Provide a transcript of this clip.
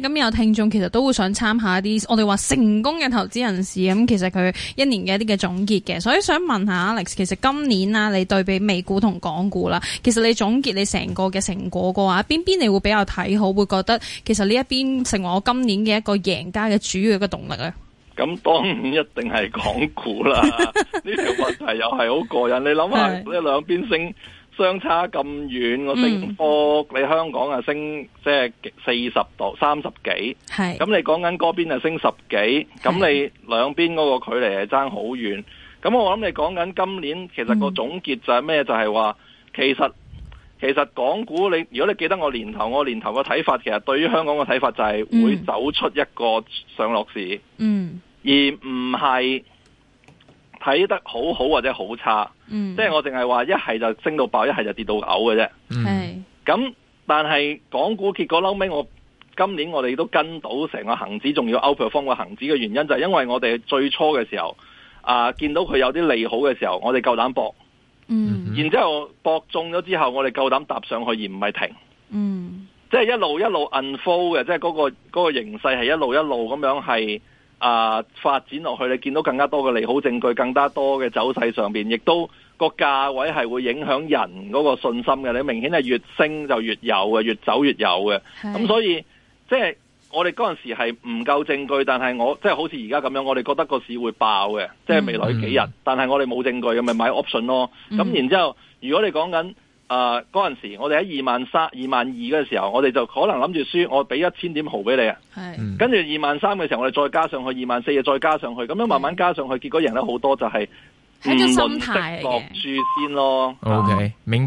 咁、嗯、有聽眾其實都會想參考一啲我哋話成功嘅投資人士咁，其實佢一年嘅一啲嘅總結嘅，所以想問下 Alex，其實今年啊，你對比美股同港股啦，其實你總結你成個嘅成果嘅話，邊邊你會比較睇好，會覺得其實呢一邊成為我今年嘅一個贏家嘅主要嘅動力咧？咁當然一定係港股啦，呢 條問題又係好過癮， 你諗下呢兩邊升，相差咁遠，我升科，嗯、你香港啊升即係四十度三十幾，咁是你講緊嗰邊啊升十幾，咁是你兩邊嗰個距離係爭好遠，咁我諗你講緊今年，其實個總結就係咩？嗯、就係話其實其實港股你如果你記得我年頭我年頭個睇法，其實對於香港個睇法就係會走出一個上落市，嗯嗯、而唔係。睇得好好或者好差，嗯、即係我淨係話，一係就升到爆，一係就跌到嘔嘅啫。係咁、嗯，但係港股結果嬲尾，我今年我哋都跟到成個恒指，仲要 outperform 個恒指嘅原因就係因為我哋最初嘅時候啊，見到佢有啲利好嘅時候，我哋夠膽搏，嗯、然之後搏中咗之後，我哋夠膽搭上去而唔係停，嗯、即係一路一路 unfold 嘅，即係嗰、嗰個、嗰個形勢係一路一路咁樣係。啊！發展落去，你見到更加多嘅利好證據，更加多嘅走勢上邊，亦都個價位係會影響人嗰個信心嘅。你明顯係越升就越有嘅，越走越有嘅。咁是、嗯、所以即係我哋嗰陣時係唔夠證據，但係我即係好似而家咁樣，我哋覺得個市會爆嘅，即係未來幾日。嗯、但係我哋冇證據，咁咪買 option 咯。咁、嗯嗯、然之後，如果你講緊。啊！嗰陣、uh, 時我哋喺二萬三、二萬二嘅時候，我哋就可能諗住輸，我俾一千點毫俾你啊。係是，跟住二萬三嘅時候，我哋再加上去二萬四，又再加上去，咁樣慢慢加上去，結果贏咗好多就係，係個心態嚟嘅。落住先咯。OK、oh. 明白。